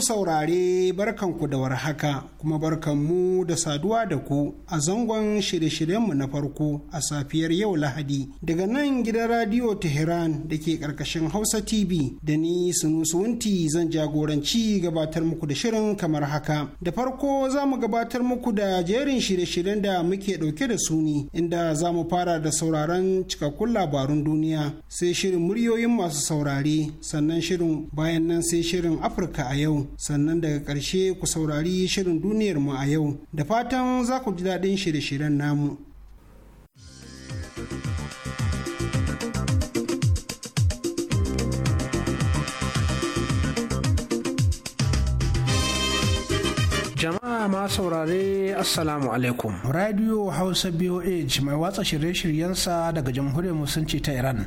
saurare barkanku da warhaka kuma barkanmu da saduwa da ku a zangon shirye-shiryenmu na farko a safiyar yau Lahadi daga nan gidan Radio Tehran da ke karkashin Hausa TV da ni Sunusuwunti zan jagoranci gabatar muku da shirin kamar haka. Da farko za mu gabatar muku da jerin shirye-shiryen da muke ɗauke da su ne inda za mu fara da sauraron cikakkun labarun duniya sai shirin muryoyin masu saurare sannan shirin bayan nan sai shirin Afirka a yau sannan daga ƙarshe ku saurari shirin duniyarmu a yau da fatan za ku ji daɗin shirye-shiryen namu. Jama'a ma saurare Assalamu alaikum. Radio Hausa BOH mai watsa shirye-shiryensa daga Jamhuriyar Musulunci ta Iran.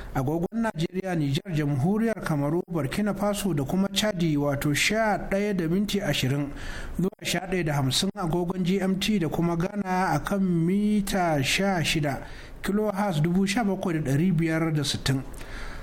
agogon najeriya nijar jamhuriyar kamaru burkina faso da kuma chadi wato sha ɗaya da minti ashirin zuwa sha ɗaya da hamsin agogon gmt da kuma ghana a kan mita sha shida kilohas dubu sha da sittin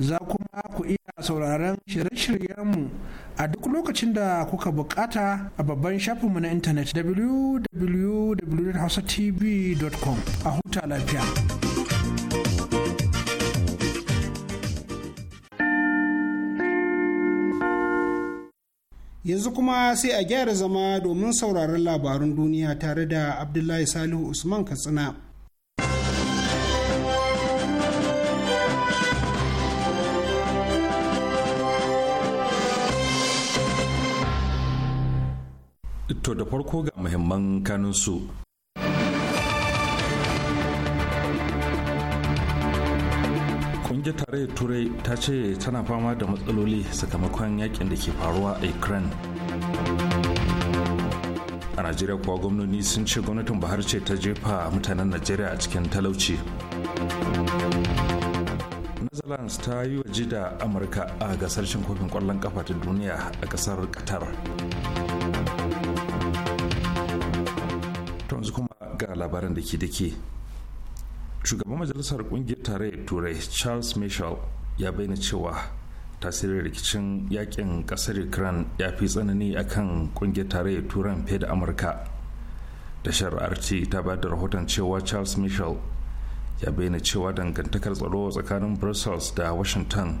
za kuma ku iya sauraron shirye-shiryenmu a duk lokacin da kuka bukata a babban shafinmu na intanet www.hausatv.com a huta lafiya. Yanzu kuma sai a gyara zama domin sauraron labarun duniya tare da Abdullahi Salihu Usman Katsina. To da farko ga muhimman kanunsu. Kungiyar tarayyar Turai ta ce tana fama da matsaloli sakamakon yakin da ke faruwa a Ukraine. A Najeriya kuwa gwamnoni sun ce gwamnatin bahar ce ta jefa mutanen Najeriya a cikin talauci. Netherlands ta yi waje da Amurka a gasar shinkofin kofin kwallon kafa ta duniya a kasar Qatar. yanzu kuma ga labaran da ke dake shugaban majalisar kungiyar tarayyar turai charles michel ya bayyana cewa tasirin rikicin yakin kasar ukraine ya fi tsanani akan kungiyar tarayyar turan fiye da amurka tashar rt ta ba da rahoton cewa charles michel ya bayyana cewa dangantakar tsaro tsakanin brussels da washington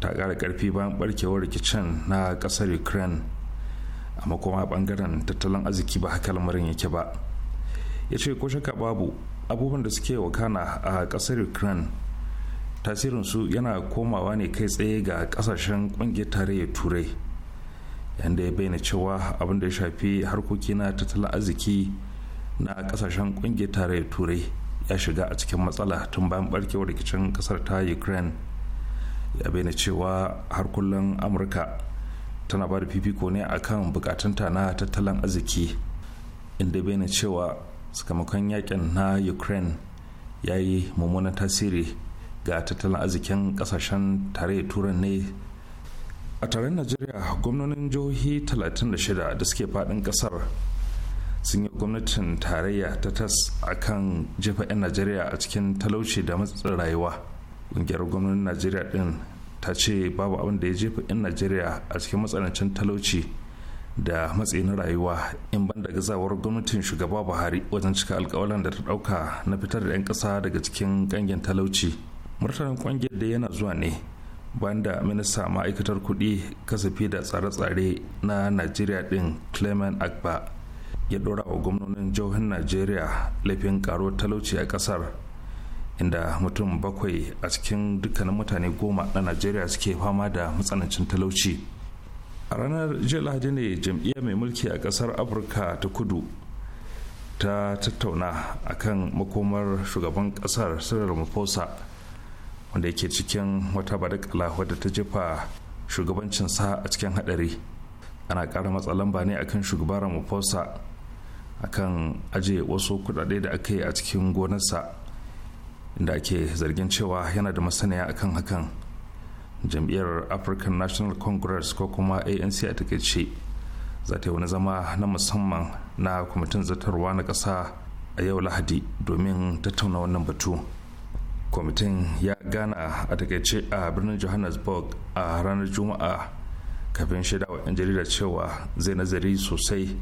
ta kara karfi bayan barkewar rikicin na ƙasar ukraine amma kuma bangaren tattalin arziki ba haka lamarin yake ba ya ce ko babu abubuwan da suke wakana a ƙasar ukraine tasirinsu yana komawa ne kai tsaye ga ƙasashen ƙungiyar tarayyar turai yadda ya bayyana cewa abin da ya shafi harkoki na tattalin arziki na ƙasashen ƙungiyar tarayyar turai ya shiga a cikin matsala tun bayan barkewar rikicin ƙasar ta ukraine ya bayyana cewa har kullum amurka tana ba da fifiko ne akan bukatunta na tattalin arziki inda bayyana cewa sakamakon yakin na ukraine ya yi mummunan tasiri ga tattalin arzikin kasashen tare turan ne a taron najeriya gwamnonin jihohi 36 da suke fadin kasar sun yi gwamnatin tarayya ta tas a kan jefa 'yan najeriya a cikin talauci da matsin rayuwa ƙungiyar gwamnonin najeriya din ta ce babu abin da ya jefa 'yan najeriya a cikin matsanancin talauci da matsayi na rayuwa in ban da gazawar gwamnatin shugaba buhari wajen cika alkawalan da ta dauka na fitar da 'yan kasa daga cikin kangen talauci martanin kwangiyar da yana zuwa ne bayan da minista ma'aikatar kuɗi kasafi da tsare-tsare na najeriya din clement agba ya ɗora wa gwamnonin jihohin najeriya laifin karo talauci a ƙasar inda mutum bakwai a cikin dukkanin mutane goma na najeriya suke fama da matsanancin talauci a ranar jiya lahadi ne jam'iyyar mai mulki a kasar afirka ta kudu ta tattauna akan makomar shugaban kasar sirar mafosa wanda yake cikin wata badakala wadda ta jefa shugabancinsa a cikin hadari ana ƙara matsa lamba ne akan shugaban ramaphosa akan ajiye wasu kudade da aka yi a cikin gonarsa inda ake zargin cewa yana da masaniya akan hakan jam'iyyar african national congress ko kuma anc a takaice za ta yi wani zama na musamman na kwamitin zartarwa na ƙasa a yau lahadi domin tattauna wannan batu kwamitin ya gana a takaice a birnin johannesburg a ranar juma'a kafin shaida wa 'yan jarida cewa zai nazari sosai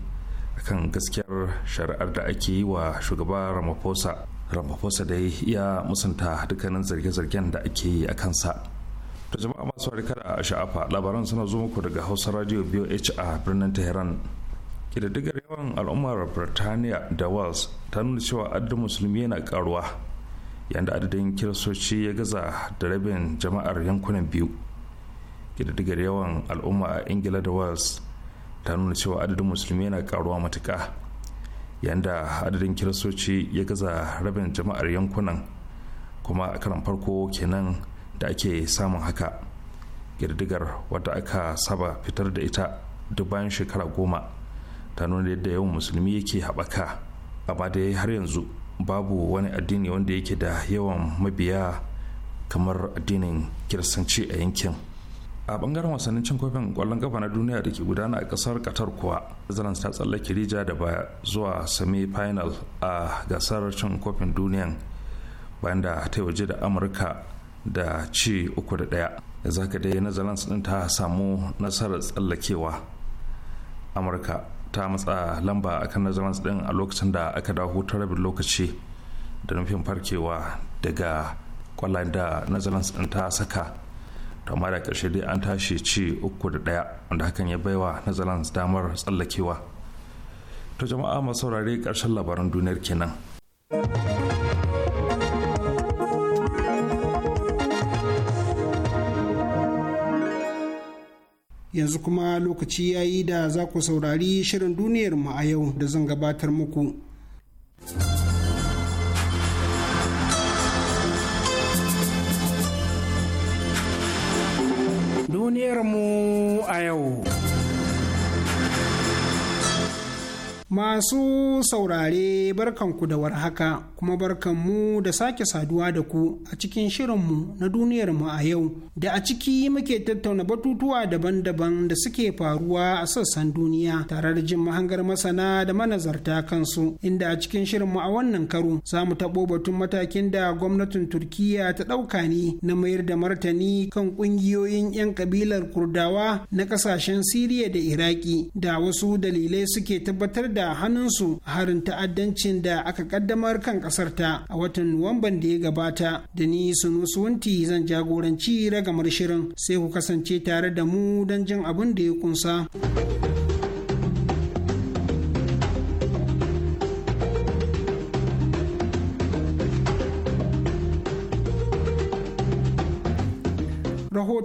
kan gaskiyar shari'ar da ake yi wa shugaba ramaphosa ramaphosa dai ya musanta dukkanin zarge-zargen da ake yi a kansa To jama'a masu kada a sha'afa labaran suna zo muku daga Hausa Radio BOH a birnin Tehran. Kididdigar yawan al'ummar Birtaniya da Wales ta nuna cewa adadin musulmi yana karuwa yadda adadin kiristoci ya gaza da rabin jama'ar yankunan biyu. Kididdigar yawan al'umma a Ingila da Wales ta nuna cewa adadin musulmi yana karuwa matuka yanda adadin kiristoci ya gaza rabin jama'ar yankunan kuma a karan farko kenan da ake samun haka girdigar wadda aka saba fitar da ita duk bayan shekara goma ta nuna yadda yawan musulmi yake haɓaka amma dai har yanzu babu wani addini wanda yake da yawan mabiya kamar addinin kirsanci a yankin a bangaren wasannin cin kofin kwallon kafa na duniya da ke gudana a kasar qatar kuwa netherlands ta tsallake rija da baya zuwa semi final a gasar cin kofin duniyan bayan da ta waje da amurka da ci uku da ɗaya za ka dai netherlands ɗin ta samu nasarar tsallakewa amurka ta matsa lamba akan netherlands ɗin a lokacin da aka dawo ta rabin lokaci da nufin farkewa daga kwallayen da netherlands ɗin ta saka to amma da ƙarshe dai an tashi ci uku da ɗaya wanda hakan ya baiwa netherlands damar tsallakewa to jama'a masaurare ƙarshen labaran duniyar kenan. yanzu kuma lokaci ya yi da za ku saurari shirin duniyar mu a yau da zan gabatar muku duniyar mu a yau Masu saurare barkanku da warhaka kuma barkanmu da sake saduwa da ku a cikin shirinmu na duniyarmu a yau da a ciki muke tattauna batutuwa daban-daban da suke faruwa a sassan duniya tare da jin mahangar masana da manazarta kansu inda a cikin shirinmu a wannan karo za mu taɓo batun matakin da gwamnatin Turkiyya ta ɗauka ne na mayar da martani kan ƙungiyoyin 'yan kabilar Kurdawa na ƙasashen Siriya da Iraki da wasu dalilai suke tabbatar da da hannunsu a harin ta'addancin da aka kaddamar kan kasar ta a watan Nuwamban da ya gabata da ni Sunusu Wunti zan jagoranci ragamar shirin sai ku kasance tare da mu don jin abin da ya kunsa.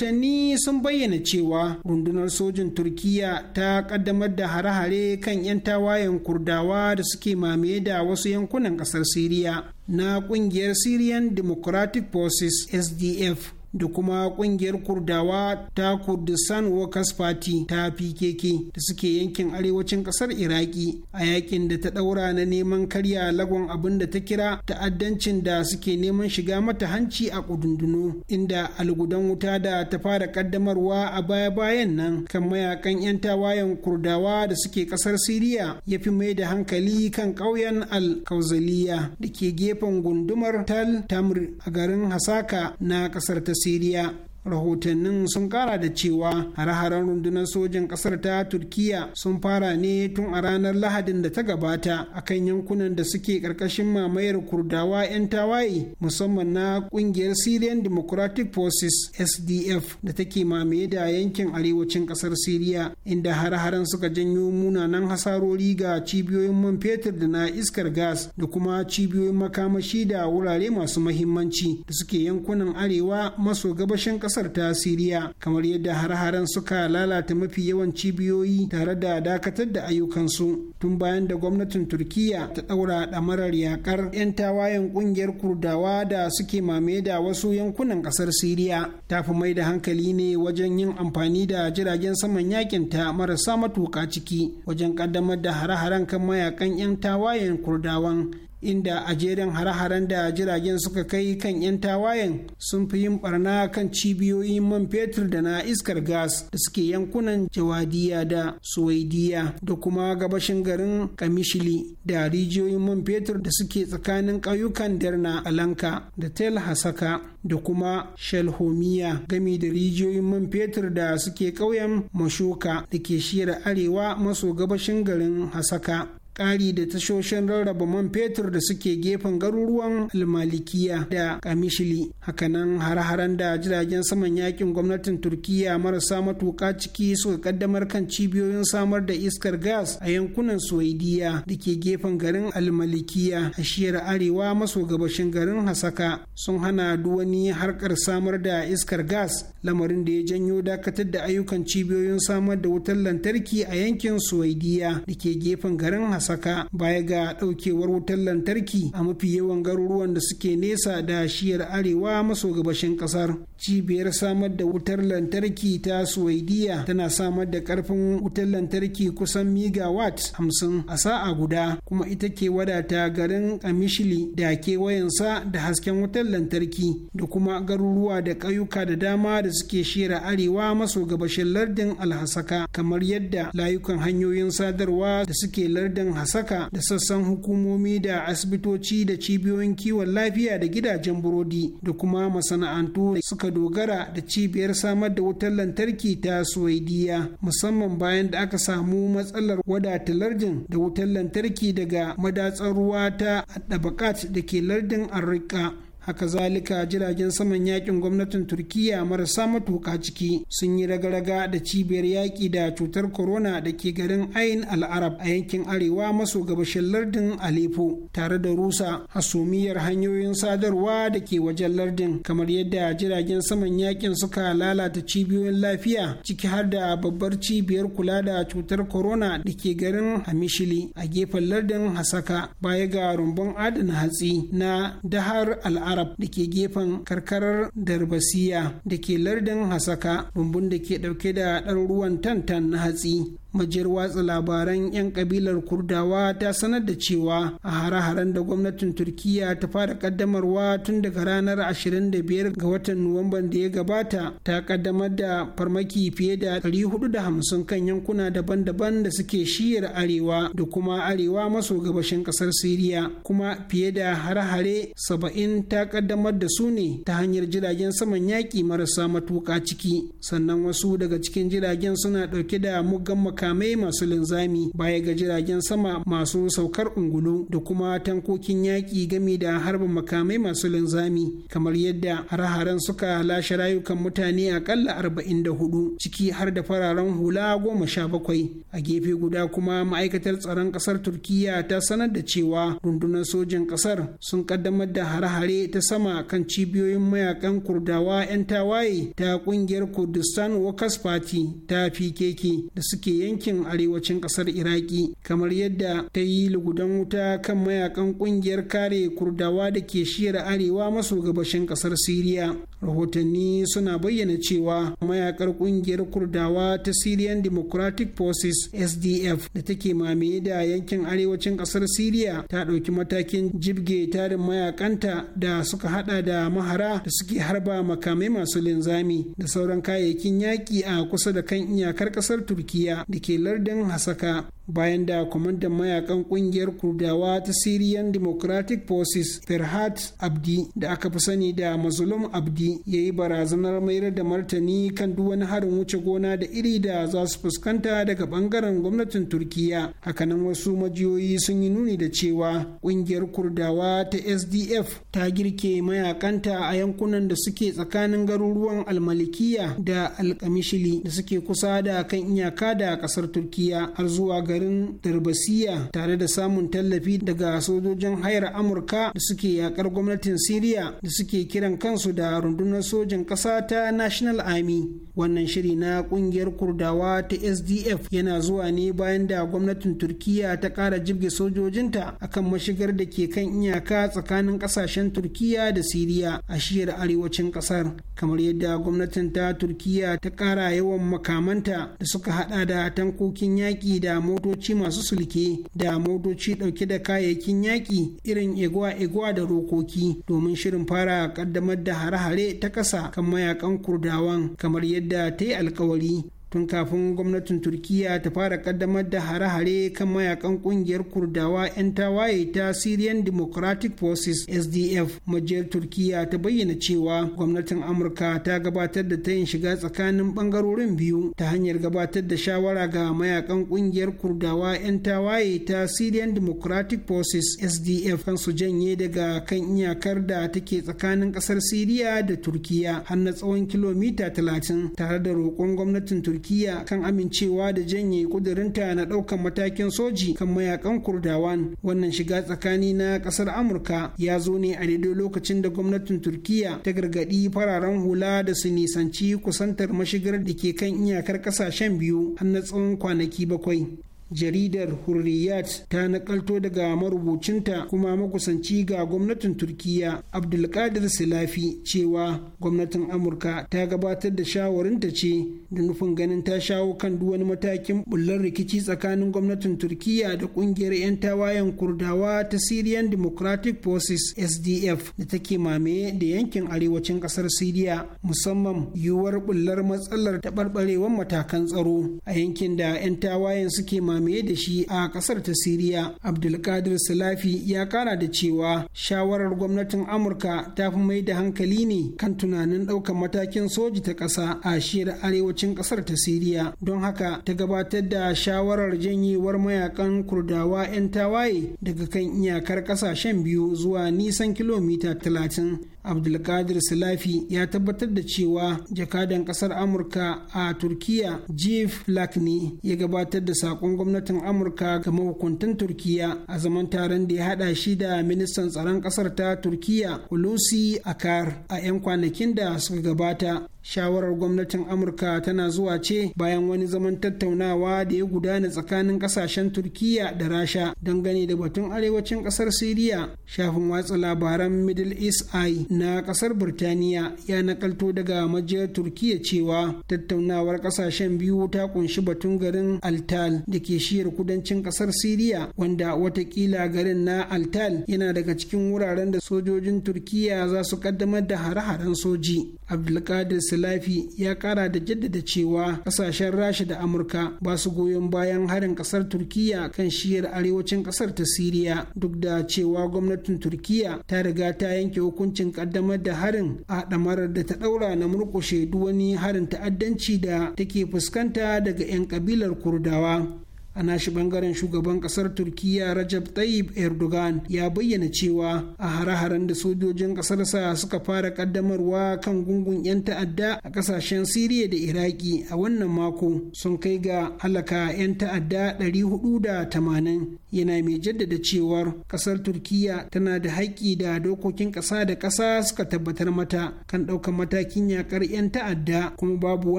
rahotanni sun bayyana cewa rundunar sojin turkiya ta kaddamar da hare-hare kan 'yan tawayen kurdawa da suke mamaye da wasu yankunan kasar siriya na kungiyar syrian democratic forces sdf da kuma kungiyar kurdawa ta kurdistan workers party ta pkk da suke yankin arewacin kasar iraki a yakin da ta daura na neman karya lagon abin da ta kira ta'addancin da suke neman shiga mata hanci a kudundunu inda algudan wuta da ta fara kaddamarwa a baya-bayan nan kan mayakan 'yan tawayen kurdawa da suke kasar siriya ya fi mai da hankali kan kauyen al-kauzaliya da ke gefen gundumar tal tamr a garin hasaka na kasar ta siriya rahotannin sun kara da cewa hare-haren rundunar sojan kasar ta turkiya sun fara ne tun a ranar lahadin da ta gabata a kan yankunan da suke karkashin mamayar kurdawa 'yan tawaye musamman na kungiyar syrian democratic forces sdf da take mamaye da yankin arewacin kasar syria inda hare-haren suka janyo munanan hasarori ga cibiyoyin man fetur da na iskar gas da kuma cibiyoyin makamashi da wurare masu mahimmanci da suke yankunan arewa maso gabashin kasar kasar ta siriya kamar yadda har-haren suka lalata mafi yawan cibiyoyi tare da dakatar da ayyukansu tun bayan da gwamnatin turkiya ta ɗaura ɗamarar yakar 'yan tawayen ƙungiyar kurdawa da suke mame da wasu yankunan ƙasar siriya ta fi mai da hankali ne wajen yin amfani da jiragen saman yakin ta marasa matuƙa ciki wajen ƙaddamar da hare-haren kan mayakan 'yan tawayen kurdawan inda a jerin hare-haren da jiragen suka kai kan 'yan tawayen sun fi yin barna kan cibiyoyin man fetur da na iskar gas da suke yankunan jawadiya da suwaidiya da kuma gabashin garin kamishili da rijiyoyin man fetur da suke tsakanin ƙauyukan derna alanka da tel hasaka da kuma shalhomiya gami da rijiyoyin man fetur da suke ƙauyen mashoka da ke shira arewa maso gabashin garin hasaka ƙari da tashoshin rarraba man fetur da suke gefen garuruwan almalikiya da kamishili hakanan har-haren da jiragen saman yakin gwamnatin turkiya marasa matuƙa ciki suka kaddamar kan cibiyoyin samar da iskar gas a yankunan suwaidiya da ke gefen garin almalikiya a shiyar arewa maso gabashin garin hasaka sun hana duwani harkar samar da iskar gas lamarin da ya janyo dakatar da ayyukan cibiyoyin samar da wutar lantarki a yankin suwaidiya da ke gefen garin hasaka saka baya ga ɗaukewar wutar lantarki a mafi yawan garuruwan da suke nesa da shiyar arewa maso gabashin ƙasar cibiyar samar da wutar lantarki ta suwaidiya tana samar da ƙarfin wutar lantarki kusan megawatt hamsin a sa'a guda kuma ita ke wadata garin kamishili da kewayensa da hasken wutar lantarki da kuma garuruwa da ƙauyuka da dama da suke shira arewa maso gabashin lardin alhasaka kamar yadda layukan hanyoyin sadarwa da suke lardin hasaka da sassan hukumomi da asibitoci da cibiyoyin kiwon lafiya da gidajen burodi da kuma masana'antu da suka dogara da cibiyar samar da wutar lantarki ta suwaidiya musamman bayan da aka samu matsalar wadata lardin da wutar lantarki daga madatsar ruwa ta dabakat da ke lardin arrika haka zalika jiragen saman yakin gwamnatin turkiya marasa matuka ciki sun yi ragaraga da cibiyar yaƙi da cutar corona da ke garin ain al'arab a yankin arewa maso gabashin lardin aleppo tare da rusa hasumiyar hanyoyin sadarwa da ke wajen lardin kamar yadda jiragen saman yakin suka lalata cibiyoyin lafiya ciki har da babbar cibiyar kula da cutar corona da ke garin hamishili a gefen lardin hasaka baya ga rumbun adana hatsi na dahar al'arab arab da ke gefen karkarar darbasiya da ke lardin hasaka rumbun da ke dauke da ɗaruruwan tantan na hatsi majiyar watsa labaran 'yan kabilar kurdawa ta sanar da cewa a hare-haren da gwamnatin turkiya ta fara kaddamarwa tun daga ranar 25 ga watan nuwamban da ya gabata ta kaddamar da farmaki fiye da 450 kan yankuna daban-daban da suke shiyar arewa da kuma arewa maso gabashin kasar siriya kuma fiye da hare-hare 70 ta kaddamar da su ne ta hanyar jiragen saman yaƙi marasa matuƙa ciki sannan wasu daga cikin jiragen suna ɗauke da muggan makamai masu linzami baya ga jiragen sama masu saukar ungulu da kuma tankokin yaƙi game da harba makamai masu linzami kamar yadda hare-haren suka lashe rayukan mutane akalla arba'in da hudu ciki har da fararen hula goma sha bakwai a gefe guda kuma ma'aikatar tsaron ƙasar turkiya ta sanar da cewa rundunar sojin ƙasar sun ƙaddamar da hare-hare ta sama kan cibiyoyin mayakan kurdawa 'yan tawaye ta ƙungiyar kurdistan workers party ta pkk da suke yan yankin arewacin kasar iraki kamar yadda ta yi lugudan wuta kan mayakan kungiyar kare kurdawa da ke shiyar arewa maso gabashin kasar siriya rahotanni suna bayyana cewa mayakar kungiyar kurdawa ta syrian democratic forces sdf da take mame da yankin arewacin kasar siriya ta ɗauki matakin jibge tarin mayakanta da suka hada da mahara da suke harba makamai masu linzami da sauran kayayyakin yaƙi a kusa da kan iyakar kasar turkiya da ke lardin hasaka bayan da kwamandan mayakan kungiyar kurdawa ta syrian democratic forces ferhat abdi da aka fi sani da mazlum abdi ya yi barazanar mayar da martani kan duk wani harin wuce gona da iri da za su fuskanta daga bangaren gwamnatin turkiya hakanan wasu majiyoyi sun yi nuni da cewa kungiyar kurdawa ta sdf ta girke mayakanta a yankunan da suke tsakanin garuruwan almalikiya da alkamishili da suke kusa da kan iyaka da kasar turkiya har zuwa garin darbasiya tare da samun tallafi daga sojojin hayar Amurka da suke yakar gwamnatin syria da suke kiran kansu da rundunar sojin ƙasa ta National Army. Wannan shiri na ƙungiyar Kurdawa ta SDF yana zuwa ne bayan da gwamnatin Turkiya ta ƙara jibge sojojinta akan mashigar da ke kan iyaka tsakanin ƙasashen Turkiya da syria a shiyar arewacin ƙasar. Kamar yadda gwamnatin ta Turkiya ta ƙara yawan makamanta da suka hada da tankokin yaƙi da motoci masu sulke da motoci dauke da kayayyakin yaƙi irin egwa-egwa da rokoki domin shirin fara kaddamar da hare-hare ta ƙasa kan mayakan kurdawan kamar yadda ta yi alkawari tun kafin gwamnatin turkiya ta fara kaddamar da hare-hare kan mayakan kungiyar kurdawa 'yan tawaye ta syrian democratic forces sdf majiyar turkiya ta bayyana cewa gwamnatin amurka ta gabatar da ta tayin shiga tsakanin bangarorin biyu ta hanyar gabatar da shawara ga mayakan kungiyar kurdawa 'yan tawaye ta syrian democratic forces sdf kan su janye daga kan iyakar da take tsakanin kasar syria da turkiya har na tsawon kilomita 30 tare da roƙon gwamnatin turkiya turkiya kan amincewa da janye ƙudurinta na ɗaukan matakin soji kan mayakan kurdawan wannan shiga tsakani na ƙasar amurka ya zo ne a daidai lokacin da gwamnatin turkiya ta gargaɗi fararen hula da su nisanci kusantar mashigar da ke kan iyakar ƙasashen biyu har na tsawon kwanaki bakwai jaridar hurriyat ta nakalto daga marubucinta kuma makusanci ga gwamnatin turkiyya abdulkadir silafi cewa gwamnatin amurka ta gabatar da shawarinta ce da nufin ganin ta shawo kan duk wani matakin bullar rikici tsakanin gwamnatin turkiyya da kungiyar 'yan tawayen kurdawa ta syrian democratic forces sdf da take mamaye da yankin arewacin kasar syria musamman yiwuwar bullar matsalar taɓarɓarewar matakan tsaro a yankin da 'yan tawayen suke mamaye mamaye da shi a kasar ta siriya abdulkadir salafi ya kara da cewa shawarar gwamnatin amurka ta fi mai da hankali ne kan tunanin ɗaukar matakin soji ta ƙasa a shiyar arewacin ƙasar ta siriya don haka ta gabatar da shawarar janyewar mayakan kurdawa 'yan tawaye daga kan iyakar ƙasashen biyu zuwa nisan kilomita talatin abdulkadir salafi ya tabbatar da cewa jakadan ƙasar amurka a turkiya jeff lakne ya gabatar da saƙon gwamnatin amurka ga mahukuntan turkiya a zaman taron da ya hada shi da ministan tsaron kasar ta turkiya hulusi akar a 'yan kwanakin da suka gabata shawarar gwamnatin amurka tana zuwa ce bayan wani zaman tattaunawa da ya gudana tsakanin kasashen turkiya da rasha dangane da batun arewacin kasar siriya shafin watsa labaran middle east eye na kasar birtaniya ya nakalto daga majiyar turkiya cewa tattaunawar kasashen biyu ta kunshi batun garin altal da ke shiyar kudancin kasar siriya wanda watakila garin na altal yana daga cikin wuraren da sojojin turkiya za su kaddamar da hare-haren soji abdulkadir Salafi ya kara da jaddada cewa kasashen rasha da amurka ba su goyon bayan harin kasar turkiya kan shiyar arewacin kasar ta siriya duk da cewa gwamnatin turkiya ta riga ta yanke hukuncin kaddamar da harin a ɗamarar da ta ɗaura na murƙushe duk wani harin ta'addanci da take fuskanta daga 'yan ƙabilar kurdawa a nashi bangaren shugaban kasar turkiya rajab tayyip erdogan ya bayyana cewa a hare-haren da sojojin kasarsa suka fara kaddamarwa kan gungun 'yan ta'adda a kasashen siriya da iraki a wannan mako sun kai ga halaka 'yan ta'adda 480 yana mai jaddada cewar kasar turkiya tana da haƙƙi da dokokin ƙasa da ƙasa suka tabbatar mata kan ɗaukar matakin yakar 'yan ta'adda kuma babu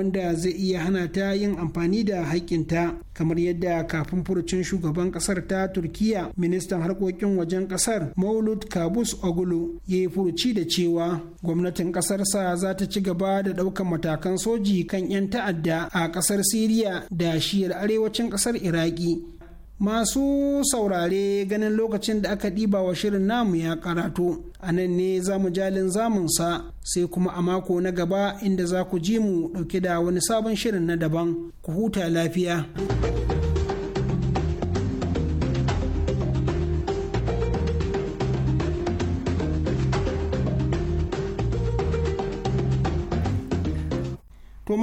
wanda zai iya hana ta yin amfani da haƙƙinta kamar yadda kafin furucin shugaban kasar ta turkiya ministan harkokin wajen kasar maulud kabus ogulu ya yi furuci da cewa gwamnatin kasarsa za ta ci gaba da ɗaukan matakan soji kan 'yan ta'adda a kasar siriya da shiyar arewacin kasar iraki masu saurare ganin lokacin da aka ɗiba wa shirin namu ya karatu a nan ne za mu jalin zamunsa sai kuma a mako na gaba inda za ku ji mu ɗauke da wani sabon shirin na daban ku huta lafiya.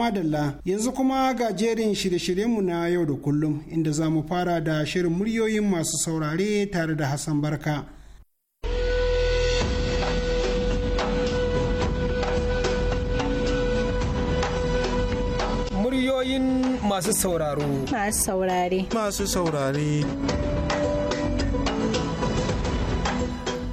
madalla yanzu kuma ga jerin shirye-shiryenmu na yau da kullum inda za mu fara da shirin muryoyin masu saurare tare da Hassan Barka. Muryoyin masu sauraro. Masu saurare. Masu saurare.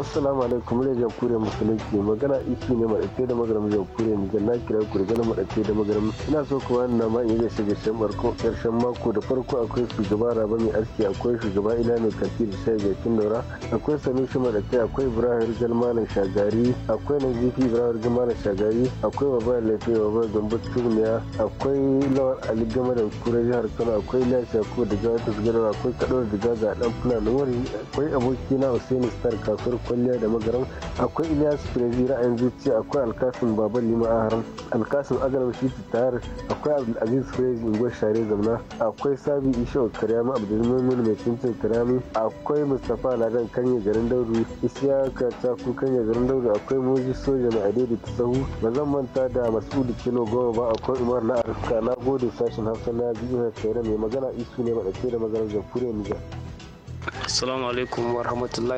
assalamu alaikum da kure musulunci magana isu ne maɗafe da magaram kure ne na kira ku da maɗafe da magaram ina so ku wani na ma'i da shiga shan barko karshen mako da farko akwai shugaba raba mai aski akwai shugaba ila mai kafi da ga kin dora akwai shi maɗafe akwai ibrahim jalmanin shagari akwai nazifi ibrahim jalmanin shagari akwai baba lafiya baba gambo tumiya akwai lawal ali gama da kure jihar kano akwai lafiya ko da gawa tasgarawa akwai kaɗo da gaza dan fulani wari akwai abokina usaini star kasuwar kwalliya da magaran akwai ilyas firazi ra'ayin zuciya akwai alkasin baban lima haram alkasim agalam shi tare akwai abdulaziz firazi ingwa share zamna akwai sabi isho karyama abdulmumin mai cincin karami akwai mustapha lagan kanye garin dauru isiyaka ta kanye garin dauru akwai moji soja mai adaidu ta sahu ba zan manta da masudu kilo goma ba akwai umar na arka na gode sashen hausa na biyu na tsere mai magana isu ne maɗauke da maganar jamhuriyar nijar Assalamu alaikum wa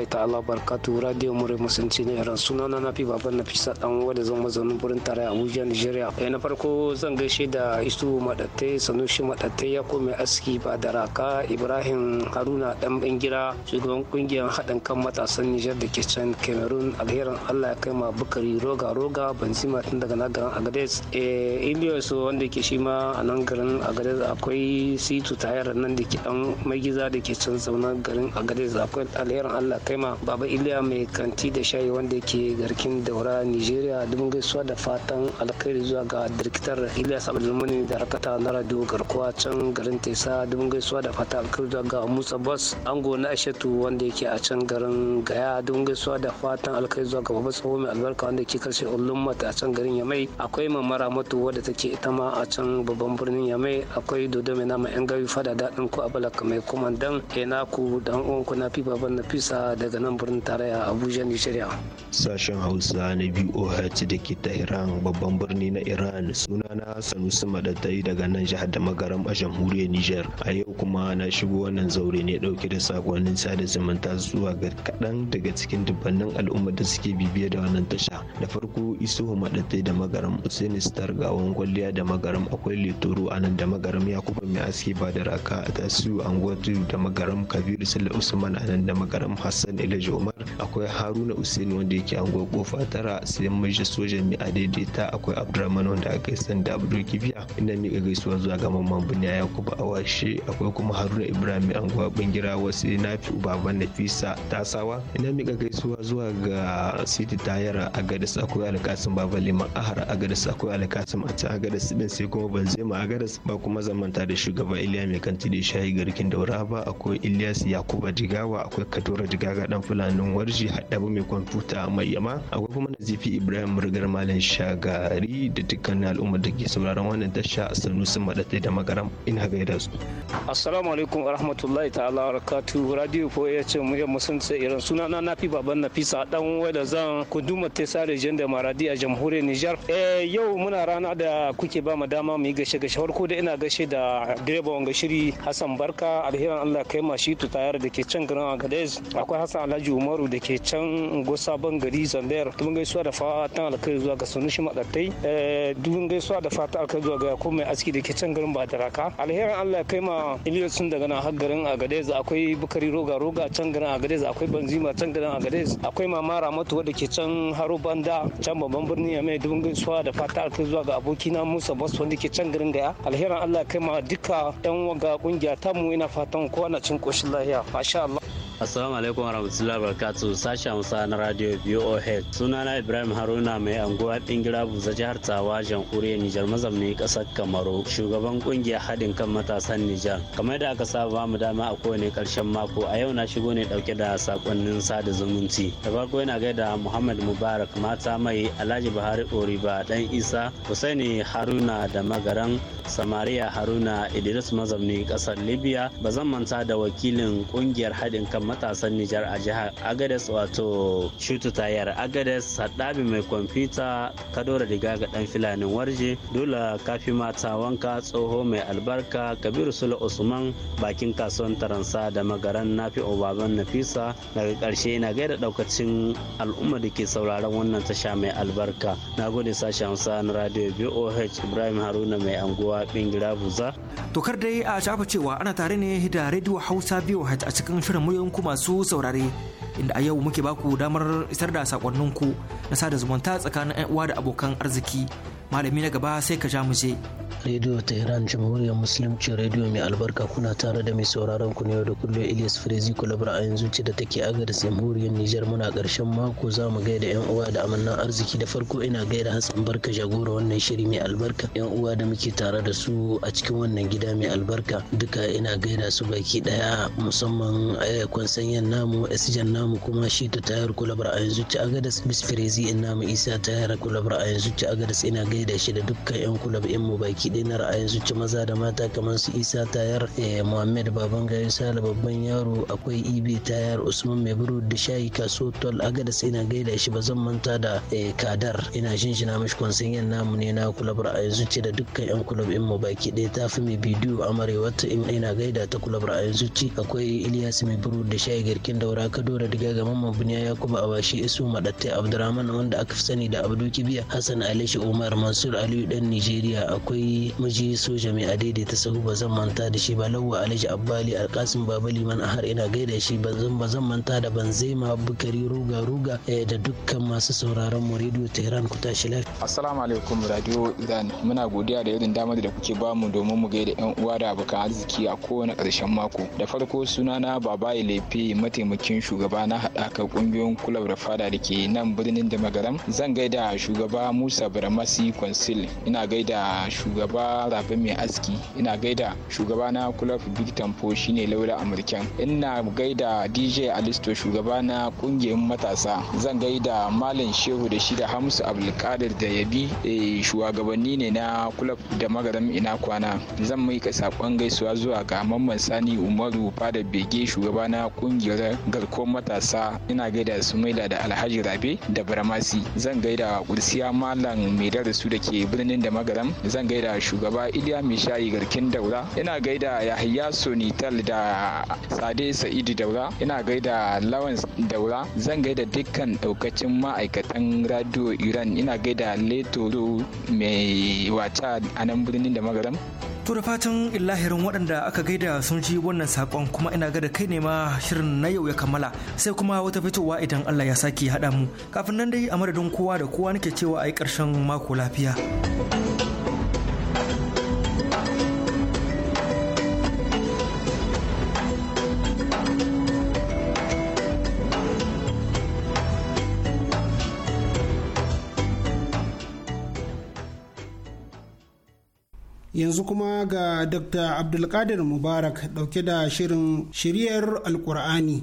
ta'ala barkatu radio murai musulunci na ran suna na nafi baban nafisa dan wanda zan burin tare a Abuja Nigeria. Eh na farko zan gaishe da Isu Madatte Sanushi Madatte ya mai aski ba da raka Ibrahim Haruna dan bangira shugaban kungiyar haɗin kan matasan Niger da ke can Cameroon alherin Allah ya kai ma Bukari Roga Roga Benzema tun daga nan garin Agadez. Eh Ilios wanda ke shi ma a nan garin Agadez akwai Situ Tayar nan da ke dan magiza da ke can zaunan garin agadez akwai alherin allah kaima baba iliya mai kanti da shayi wanda ke garkin daura nigeria dubin gaisuwa da fatan alkhairi zuwa ga dirkitar ilyas abdulmuni da rakata na radio garkuwa can garin tesa dubin gaisuwa da fatan alkhairi zuwa ga musa bas ango na ashatu wanda ke a can garin gaya dubin gaisuwa da fatan alkhairi zuwa ga baba tsoho mai albarka wanda ke karshe ulummat a can garin yamai akwai mamara mutu wadda take ita ma a can babban birnin yamai akwai dodo mai nama yan gari fada daɗin ku abala mai kumandan enaku dan uwan ku na fi baban na fisa daga nan birnin tarayya Abuja Nigeria. Sashen Hausa na BOH da ke Tehran babban birni na Iran suna na Sanusi madadai daga nan jihar da magaram a jamhuriyar Niger. A yau kuma na shigo wannan zaure ne dauke da sakonnin sada zumunta zuwa ga kaɗan daga cikin dubbannin al'umma da suke bibiya da wannan tasha. Da farko Isuhu madadai da magaram Usaini Star gawan kwalliya da magaram akwai litoro a nan da magaram Yakubu mai aski ba da raka a tasiru anguwar da magaram Kabiru sule usman anan da magaram hassan ilaji umar akwai haruna usain wanda yake angon kofa tara sai majalisar sojan mai adaidaita akwai abdurrahman wanda aka yi sanda abdul kibiya ina miƙa gaisuwa zuwa ga mamman buniya yakubu Awashi, akwai kuma haruna ibrahim anguwa bingira wasu nafi baban nafisa tasawa ina miƙa gaisuwa zuwa ga siti tayara agadis akwai alkasim baba liman ahar akwai alkasim a can agadis din sai kuma banzema agadis ba kuma zamanta da shugaba iliya mai kanti da shayi garkin daura ba akwai ilyas ya yakuba digawa akwai kadora digaga dan fulanin warji haɗabu mai kwamfuta mai yama akwai kuma nazifi ibrahim murgar malam shagari da dukkanin al'ummar da ke sauraron wannan tasha a sun maɗatai da makaram ina gaida su. assalamu alaikum wa rahmatullahi ta'ala wa rakatu radio ko ya ce muryar musulunci irin suna na nafi baban nafisa dan wada zan kuduma ta sare da maradi a jamhuriyar nijar eh, yau muna rana da kuke ba mu dama mu yi gashe gashe farko da ina gashe da direban wanga shiri hassan barka alheran allah kai ma shi Bayar da ke can garin Agadez akwai Hassan Alhaji Umaru da ke can Sabon gari Zandayar dubin gaisuwa da fatan alkhairi zuwa ga Sanusi Madattai eh, dubin gaisuwa da fatan alkhairi zuwa ga Yakubu Mai Aski da ke can garin Badaraka alherin Allah ya kai ma Iliyar sun daga nan har garin Agadez akwai Bukari Roga Roga can garin Agadez akwai Banzima can garin Agadez akwai Mama Ramatu wadda ke can Haro Banda can babban birni ya mai dubin gaisuwa da fatan alkhairi zuwa ga abokina Musa Bas wanda ke can garin Gaya alherin Allah ya kai ma duka yan waga kungiya ta mu ina fatan kowa na cin koshin lahiya الرياض فان شاء الله Assalamu alaikum warahmatullahi wabarakatuh sashi musa na radio VOH. Sunana Ibrahim Haruna mai anguwa Bingira Buza jihar Tawa jamhuriyar Nijar mazamni kasar Kamaru shugaban kungiyar haɗin kan matasan Nijar. Kamar da aka saba mu dama a kowane ƙarshen mako a yau na shigo ne ɗauke da sakonnin sada zumunci. Da farko yana gaida Muhammad Mubarak mata mai Alhaji Buhari Oriba dan Isa Husaini Haruna da Magaran samaria Haruna Idris mazamni kasar Libya bazan manta da wakilin kungiyar haɗin kan matasan Nijar a jihar Agadez wato Shutu Tayar Agadez Haɗabi mai kwamfuta Kadora Diga ga ɗan Filanin Warje dole Kafi Mata Wanka Tsoho mai albarka Kabiru Sula Usman bakin kasuwan Taransa da magaran Nafi Obaban Nafisa daga karshe na gaida daukacin al'umma da ke sauraron wannan tasha mai albarka. Na gode sashen Hausa na Radio BOH Ibrahim Haruna mai anguwa Bingira Buza. Tokar dai a cewa ana tare ne da Radio Hausa BOH a cikin shirin muryoyin ku masu saurare inda a yau muke baku damar isar da sakonninku na sada zumunta tsakanin 'yan uwa da abokan arziki malami na gaba sai ka ja mu je. rediyo ta iran jamhuriyar musulunci rediyo mai albarka kuna tare da mai sauraron ku yau da kullum ilyas frezi kulabar a yanzu ce da take agadis jamhuriyar nijar muna karshen mako za mu gaida yan uwa da amannan arziki da farko ina gaida hassan barka jagora wannan shiri mai albarka yan uwa da muke tare da su a cikin wannan gida mai albarka duka ina gaida su baki daya musamman eh, sanyan namu esijan namu kuma shi ta tayar kulabar a yanzu ce agadas miss frezi in namu isa tayar kulabar a yanzu ce agadas ina gaida shi da dukkan yan kulab in mu baki dai na ra'ayin ci maza da mata kamar su isa tayar eh, muhammed baban gari sale babban yaro akwai ibe tayar usman mai buru da shayi kaso tol sai ina gaida shi ba zan manta da eh, kadar ina shinshina mashi kwansan yan namu ne na kulab ra'ayin ci da dukkan yan kulab in mu baki ɗaya ta fi mai bidiyo amarewa ta ina gaida ta kulab ra'ayin ci akwai ilyas mai buru da shayi garkin daura kado da diga gaman mabuniya a abashi isu madattai abdurrahman wanda aka fi sani da abdu kibiya hassan alishi umar mansur aliyu dan nigeria akwai dai miji soja mai adaidaita sahu ba zan manta da shi ba lawa alhaji abbali alkasim baba a har ina gaida shi ba zan manta da banzema bukari ruga ruga eh, da dukkan masu sauraron mu radio tehran ku tashi lafiya assalamu alaikum radio iran muna godiya da irin damar da kuke bamu domin mu gaida yan uwa da abokan arziki a kowane karshen mako da farko sunana babaye lefe mataimakin shugaba na haɗakar ƙungiyoyin kulab da fada da ke nan birnin da magaram zan gaida shugaba musa baramasi kwansil ina gaida shugaba shugaba rabe mai aski ina gaida shugaba na club big tampo shine laula amurken ina gaida dj alisto shugaba na kungiyar matasa zan gaida malam shehu da shida da hamsu abdulkadir da ya yabi eh, shugabanni ne na kulob da magaram ina kwana zan mai saƙon gaisuwa zuwa ga mamman sani umaru fada bege shugaba na kungiyar garkon matasa ina gaida su maila da alhaji rabe da baramasi zan gaida kursiya malam mai darasu da ke birnin da magaram zan gaida shugaba iliya mai shayi garkin daura ina gaida yahaya sonital da sade sa'idu daura ina gaida lawan daura zan gaida dukkan daukacin ma'aikatan radio iran ina gaida letoro mai wata a nan birnin da magaram To fatan lahirin waɗanda aka gaida sun ji wannan saƙon kuma ina ga da kai ne ma shirin na yau ya kammala sai kuma wata fitowa idan Allah ya sake haɗa mu kafin nan dai a madadin kowa da kowa nake cewa a yi ƙarshen mako lafiya. yanzu kuma ga dr abdulkadir mubarak dauke da shirin shiryar alkur'ani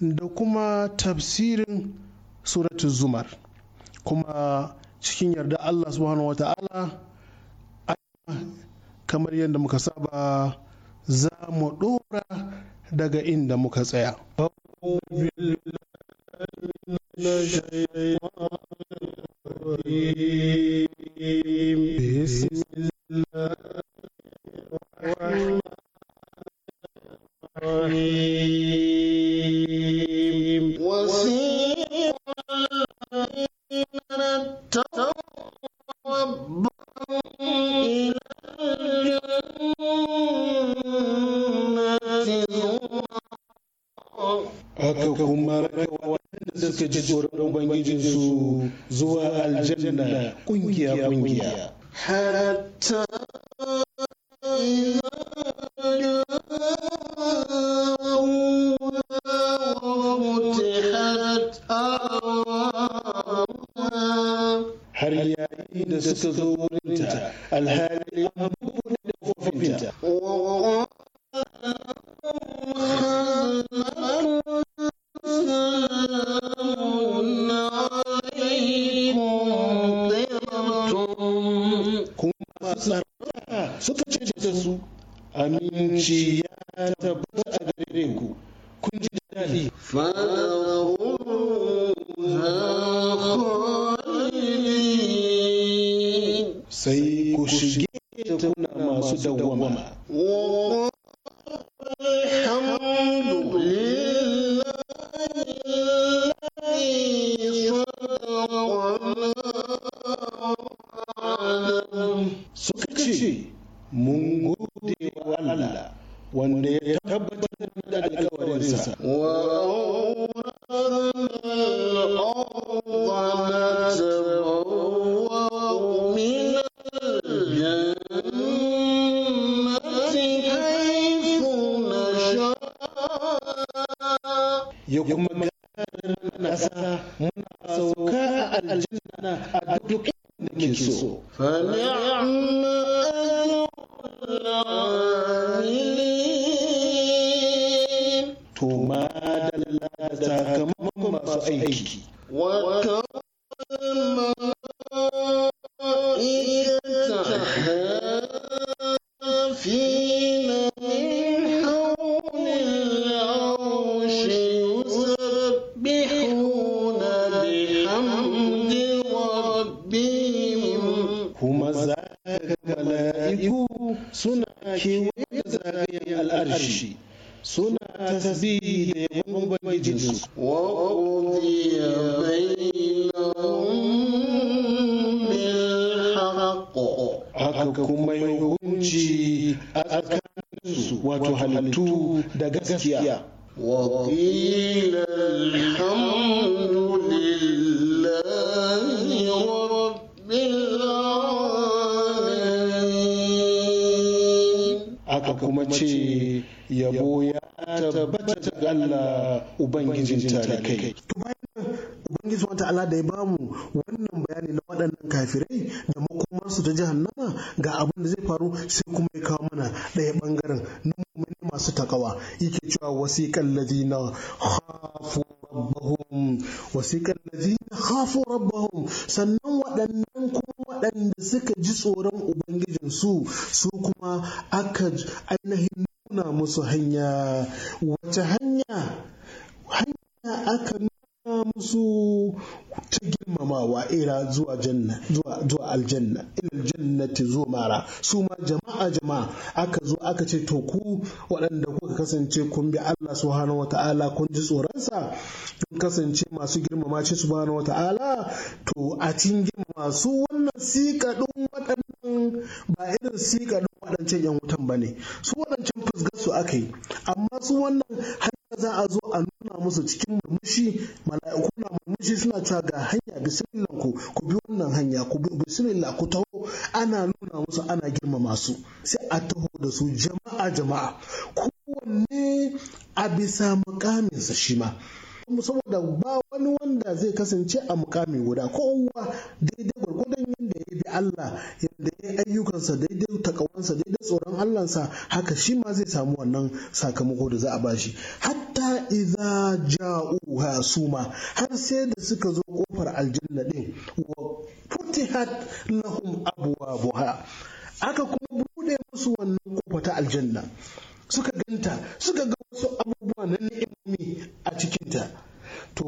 da kuma tafsirin suratul zumar kuma cikin yarda Allah subhanahu wata'ala kamar yadda muka saba za mu ɗora daga inda muka tsaya. بسم الله الرحيم kuma raka waɗanda suka ji tsoron ubangijinsu zuwa aljanna ƙungiya-ƙungiya sakamakon masu aiki gaskiya aka kuma ce yabo ya tabbata ga Allah ubangijin tarikai to bayan ubangiji da ya bamu wannan bayani na waɗannan kafirai da makomarsu ta jahannama ga abin da zai faru sai kuma ya kawo mana ɗaya ɓangaren masu takawa yake cewa wasiƙan ladina khafu rabbahum wasiƙan ladina rabbahum sannan waɗannan kuma waɗanda suka ji tsoron ubangijinsu su kuma aka ainihin nuna musu hanya wace hanya hanya aka nuna musu ta girmamawa ira zuwa janna zuwa zuwa aljanna ila aljannati zuwa mara su ma jama'a jama'a aka zo aka ce to ku waɗanda kuka kasance kun bi Allah subhanahu wata'ala kun ji tsoronsa kun kasance masu girmama shi subhanahu wata'ala to a cikin girmama su wannan sikadin waɗannan ba irin sikadin waɗancan yan wutan bane su waɗancan fusgar su aka yi amma su wannan har za a zo a nuna musu cikin murmushi mala'iku kiristoci suna ta ga hanya bismillah ku ku bi wannan hanya ku bi bismillah ku taho ana nuna musu ana girmama su sai a taho da su jama'a jama'a kowanne a bisa mukaminsa shi ma saboda ba wani wanda zai kasance a mukamin guda kowa daidai gwargwadon yadda ya bi Allah yadda ya ayyukansa daidai takawansa daidai tsoron Allahnsa haka shi ma zai samu wannan sakamako da za a bashi hatta idza ja'uha suma har sai da suka zo kofar aljanna din wa futihat lahum abwabuha aka kuma bude musu wannan ƙofar ta aljanna suka ganta suka ga wasu abubuwa na ni'imomi a cikinta to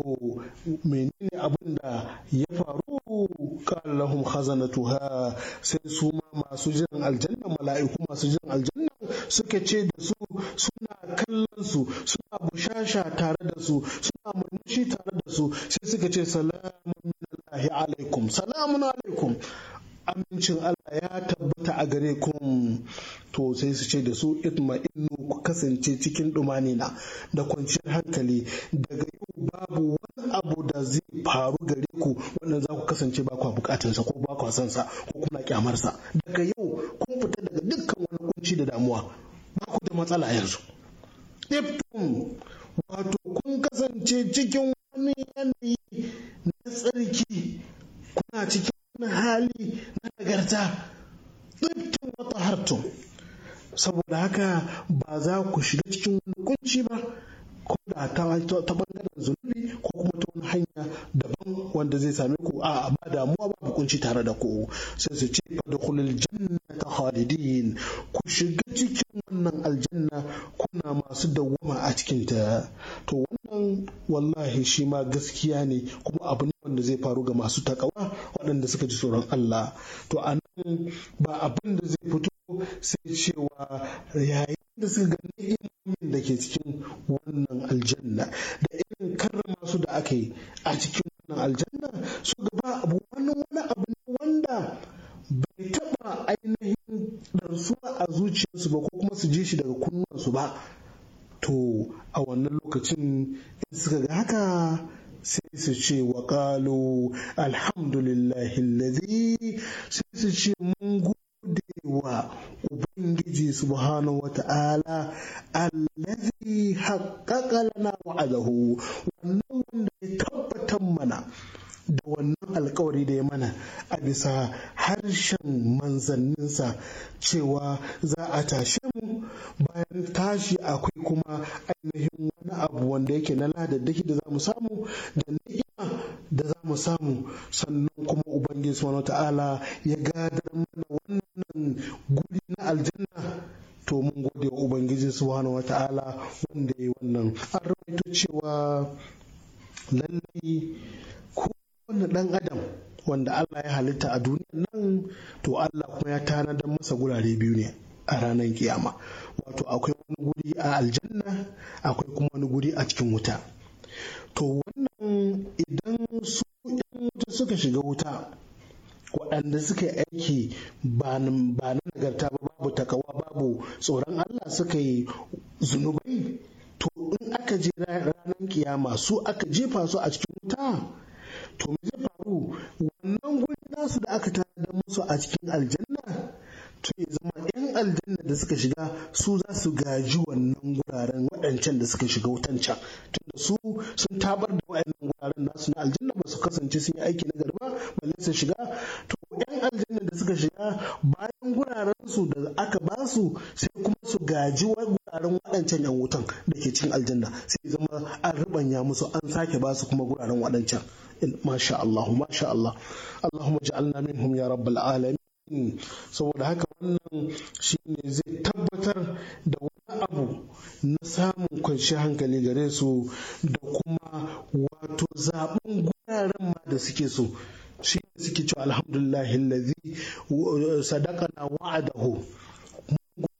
menene abin da ya faru kallahum khazanatuha sai su ma masu jiran aljanna mala'iku masu jiran aljanna suka ce da su suna kallon su suna bushasha tare da su suna murmushi tare da su sai suka ce salamun lahi alaikum salamun alaikum amincin Allah ya tabbata a gare ku to sai su ce da su itma inu ku kasance cikin dumani na da kwanciyar hankali daga yau babu wani abu da zai faru gare ku wannan za ku kasance ba kwa bukatunsa ko ba kwa sansa ko kuna kyamarsa daga yau kun fita daga dukkan wani kunci da damuwa ba ku da matsala yanzu iftum wato kun kasance cikin wani yanayi na tsarki kuna cikin wani hali na nagarta tsibtum wata hartum saboda haka ba za ku shiga cikin wani kunci ba ko da ta bangaren zunubi ko kuma ta wani hanya daban wanda zai same ku a ba damuwa ba kunci tare da ku sai su ce janna ta khalidin ku shiga cikin wannan aljanna kuna masu dawwama a cikin ta to wannan wallahi shi ma gaskiya ne kuma abu ne wanda zai faru ga masu takawa waɗanda suka ji tsoron Allah to a nan ba abin da zai fito sai cewa yayin da suka ga ni'imomin da ke cikin wannan aljanna da irin karrama su da aka yi a cikin wannan aljanna su gaba abu wani wani abu wanda bai taɓa ainihin ɗarsuwa a zuciyarsu ba ko kuma su ji shi daga kunnuwansu ba to a wannan lokacin in suka ga haka sai su ce wa ƙalu alhamdulillahi lazi sai su ce mun gode wa ubangiji subhanahu wata'ala allazi haƙaƙa lana wa'adahu wannan wanda ya tabbatar mana da wannan alkawari da ya mana a bisa harshen manzanninsa cewa za a tashe mu bayan tashi akwai kuma ainihin wani abu wanda yake na ladaddaki da za mu samu da ni'ima da za mu samu sannan kuma ubangiji subhanahu ta'ala ya gadar mana wannan guri na aljanna to mun gode wa ubangiji subhanahu ta'ala wanda ya yi wannan an rawaito cewa lallai ko kowane ɗan adam wanda Allah ya halitta a duniya nan to Allah kuma ya tanadar masa gurare biyu ne a ranar kiyama wato akwai wani guri a aljanna akwai kuma wani guri a cikin wuta to wannan idan su yan wuta suka shiga wuta waɗanda suka yi aiki ba na nagarta ba babu takawa babu tsoron Allah suka yi zunubai to in aka je ranar kiyama su aka jefa su a cikin wuta to me zai faru wannan guri nasu da aka da musu a cikin aljanna to ya zama yan aljanna da suka shiga su za su gaji wannan guraren waɗancan da suka shiga wutan can tunda su sun tabar da waɗannan guraren nasu na aljanna ba su kasance sun yi aiki na garba balle su shiga to yan aljanna da suka shiga bayan guraren su da aka ba su sai kuma su gaji guraren waɗancan yan wutan da ke cikin aljanna sai zama an ruɓanya musu an sake ba su kuma guraren waɗancan ما شاء الله ما شاء الله اللهم اجعلنا منهم يا رب العالمين saboda haka wannan shine zai tabbatar da wani abu na samun kwanci hankali gare su da kuma wato zaɓen guraren ma da suke so shi suke cewa alhamdulillah lazi sadakana wa'adahu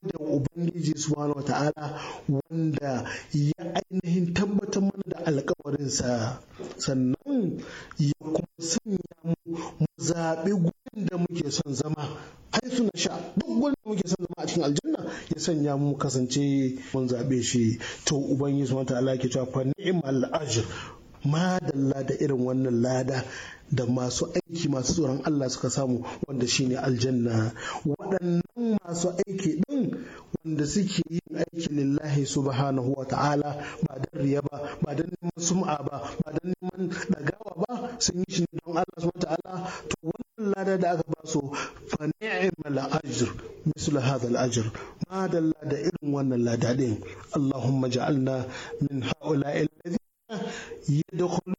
da Ubangiji subhanahu wa ta'ala wanda ya ainihin tabbatar mana da alkawarinsa sannan ya kuma sanya mu mu zaɓi gudun da muke son zama haisu na sha duk gurin da muke son zama a cikin aljanna ya sanya mu kasance mun zaɓe shi to Ubangiji subhanahu wa ta'ala ke cewa fa ni'mal ajr madalla da irin wannan lada da masu aiki masu tsoron Allah suka samu wanda shine aljanna waɗannan masu aiki ɗin wanda suke yin aiki lillahi subhanahu wa ta'ala ba don riya ba ba don neman sum'a ba ba don neman ɗagawa ba sun yi shi don Allah subhanahu wa ta'ala to wannan lada da aka ba su fa ni'mal ajr misl hadha al ajr ma dalla da irin wannan lada din Allahumma ja'alna min ha'ula'i alladhina yadkhuluna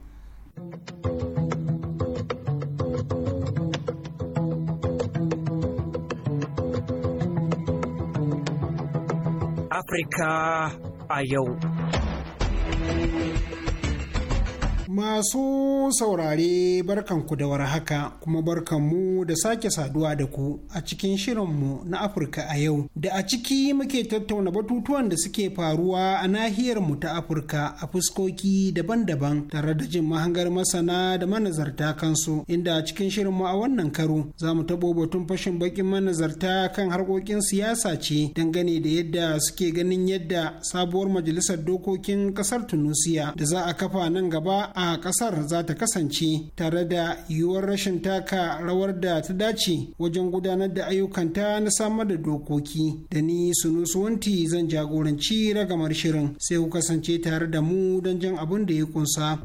Afirka a yau. Masu saurare barkanku da war haka kuma barkanmu da sake saduwa da ku a cikin shirinmu na Afirka a yau da a ciki muke tattauna batutuwan da suke faruwa a nahiyar mu ta Afirka a fuskoki daban-daban tare da jin mahangar masana da manazarta kansu inda a cikin shirinmu a wannan karo za mu tabo batun fashin bakin manazarta kan harkokin siyasa ce dangane da yadda suke ganin yadda sabuwar majalisar dokokin kasar Tunusiya da za a kafa nan gaba a kasar za ta kasance tare da yiwuwar rashin taka rawar da ta dace wajen gudanar da ayyukanta na samar da dokoki da ni sunusuwanti zan jagoranci ragamar shirin sai ku kasance tare da mu don jan abin da ya kunsa.